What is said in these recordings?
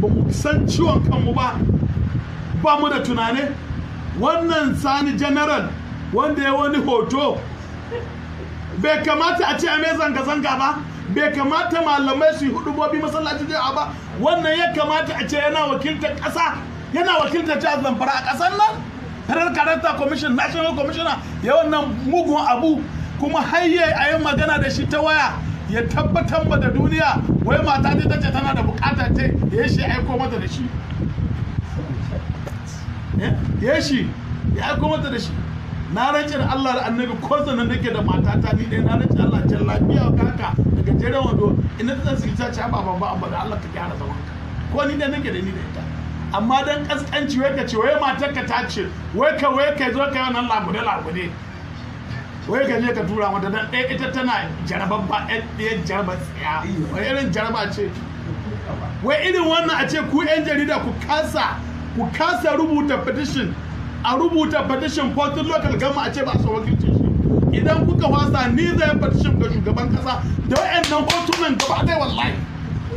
ba mu san ciwon kanmu ba ba mu da tunane wannan sani general wanda ya wani hoto bai kamata a ce a mai zanga-zanga ba bai kamata malamai su yi bobi masallaci da ba wannan ya kamata a ce yana wakiltar kasa yana wakiltar a zamfara a kasar nan farar karanta commission national commissioner ya wannan mugun abu kuma hayye a yi magana da shi ta waya ya tabbatar ba da duniya wai mata ta ce tana da bukata ce ya shi aiko mata da shi eh? ya shi ya aiko mata da shi na rance da Allah da annabi ko zanen nake da matata ni ɗaya na rance Allah can lafiya kaka daga jere wando ina ta tsirci ta ce ba ba amma da Allah ka gyara zaman ka ko ni dai nake da ni da ita amma dan kaskanci wai ka ce wai matar ka ta ce wai ka wai ka zo ka yi wannan labude labude wai ka je ka tura mata dan ɗaya ita tana jarababba ba ɗaya jarabar tsaya wani irin jaraba ce wai irin wannan a ce ku 'yan jarida ku kasa ku kasa rubuta petition a rubuta petition fortin local gama a ce ba su wakilci shi idan kuka wasa ni zai petition ga shugaban kasa da nan hotunan gaba ɗaya wallahi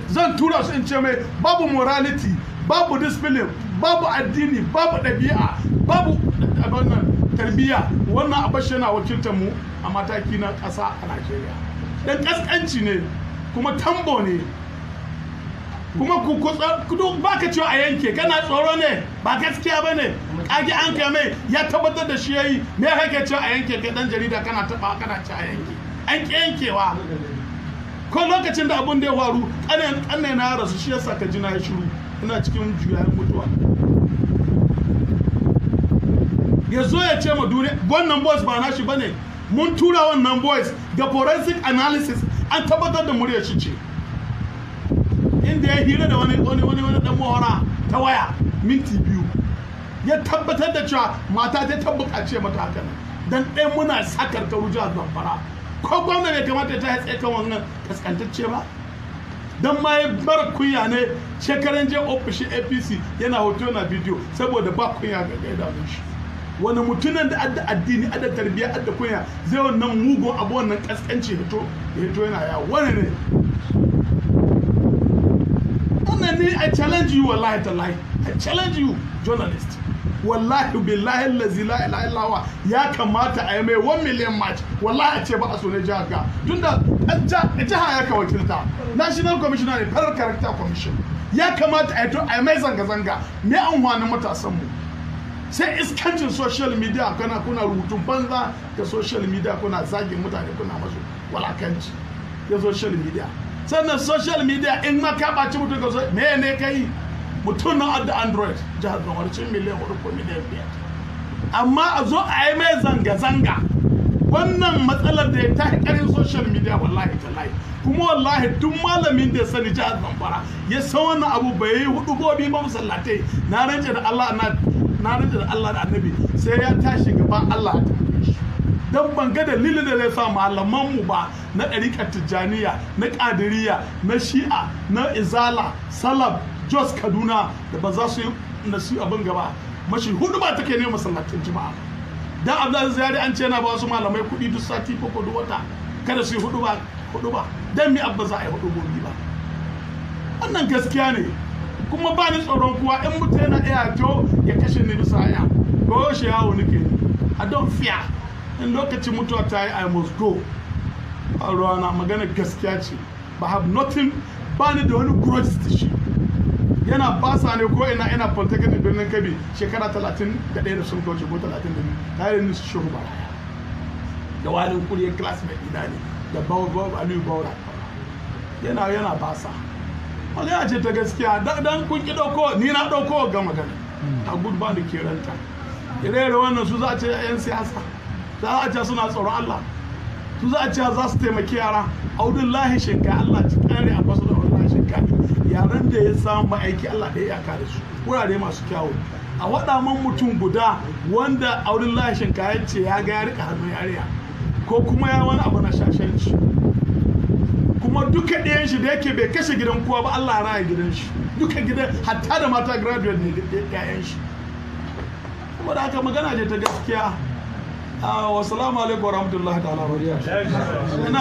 zan tura su in ce mai babu morality babu discipline babu addini babu ɗabi'a babu abin tarbiyya wannan abashi yana wakiltar mu a mataki na ƙasa a najeriya dan ƙasƙanci ne kuma tambo ne kuma ku kudu ba ka cewa a yanke kana tsoro ne ba gaskiya ba ne kage an kai mai ya tabbatar da shi ya yi me ya kake cewa a yanke kai dan jarida kana taba kana ci a yanke an ki yankewa ko lokacin da abun da ya faru ƙanen na rasu shi yasa ka jina shiru ina cikin juyayen mutuwa ya zo ya ce ma duniya wannan boys ba nashi ne. mun tura wannan boys da forensic analysis an tabbatar da muryar shi ce inda ya hira da wani wani wani wani dan mahora ta waya minti biyu ya tabbatar da cewa mata ta tabbata ce mata haka dan ɗaya muna sakar ta rujiyar zamfara ko gwamna bai kamata ta hatsa kan wannan kaskantacce ba don ma ya bar kunya ne shekaran je ofishin apc yana hoto na bidiyo saboda ba kunya ga ɗaya da shi wani mutumin da adda addini adda tarbiyya adda kunya zai wannan mugun abu wannan kaskanci hito hito yana ya wani ne wannan ne i challenge you wallahi tallahi i challenge you journalist wallahi billahi allazi la ilaha illa ya kamata a yi mai 1 million match wallahi a ce ba a so ne jihar ka tunda jiha ya ka wakilta national commissioner ne Federal character commission ya kamata a yi a yi mai zanga-zanga me an wani matasanmu sai iskancin social media kana kuna rubutun banza da social media kuna zagin mutane kuna masu walakanci da social media sannan social media in ma ka ɓaci mutum ka me ne ka yi mutum na adda android jihar gawarcin miliyan hudu ko miliyan biyar amma a zo a yi mai zanga-zanga wannan matsalar da ya ta karin social media wallahi tallahi kuma wallahi duk malamin da ya sani jihar zamfara ya san wannan abu bai yi hudu gobi ba musallatai. na rance da allah na na rinda da Allah da annabi sai ya tashi gaba Allah ta dan ban ga dalilin da zai sa malaman ba na ɗariƙar tijjaniya na ƙadiriya na shi'a na izala Salab, jos kaduna da ba za su yi nasu abin gaba mashi hudu ba take ne masallatin jima'a dan abdulaziz ziyari an ce yana ba wasu malamai kuɗi duk sati ko kudu wata kada su yi hudu ba hudu ba mi abba za a yi hudu gobe ba wannan gaskiya ne kuma ba ni tsoron kuwa in mutu yana iya to ya kashe ni bisa ya ko shi yawo nake a don fiya in lokacin mutuwa ta yi i must go a ruwana magana gaskiya ce ba have nothing ba ni da wani grudge da shi yana basa ne ko ina ina polytechnic birnin kabi shekara 31 da sun kauce ko ni ba da walin kuriyar classmate ina ne da bawa bawa aliyu bawa yana yana basa magana ce ta gaskiya dan kun ki dauko ni na dauko ga magana hmm. a gudu ba da ke ranta ire wannan su za a ce yan siyasa za a ce suna tsoron Allah su za a ce za su taimaki yara audullahi shinka Allah ci kare a basu da audullahi shinka yaran da ya samu aiki Allah da ya iyaka da su wurare masu kyawu a wada man mutum guda wanda audullahi shinka ya ce ya ga ya rika hannun yariya ko kuma ya wani abu na shashanci kuma duka ɗayan shi da yake bai kashe gidan kowa ba Allah ya raya gidan shi duka gidan hatta da mata graduate ne ɗayan shi kuma da haka magana ce ta gaskiya ah, wa salamu alaikum wa rahmatullahi ta'ala wa